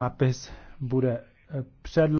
nápis bude eh, předložen.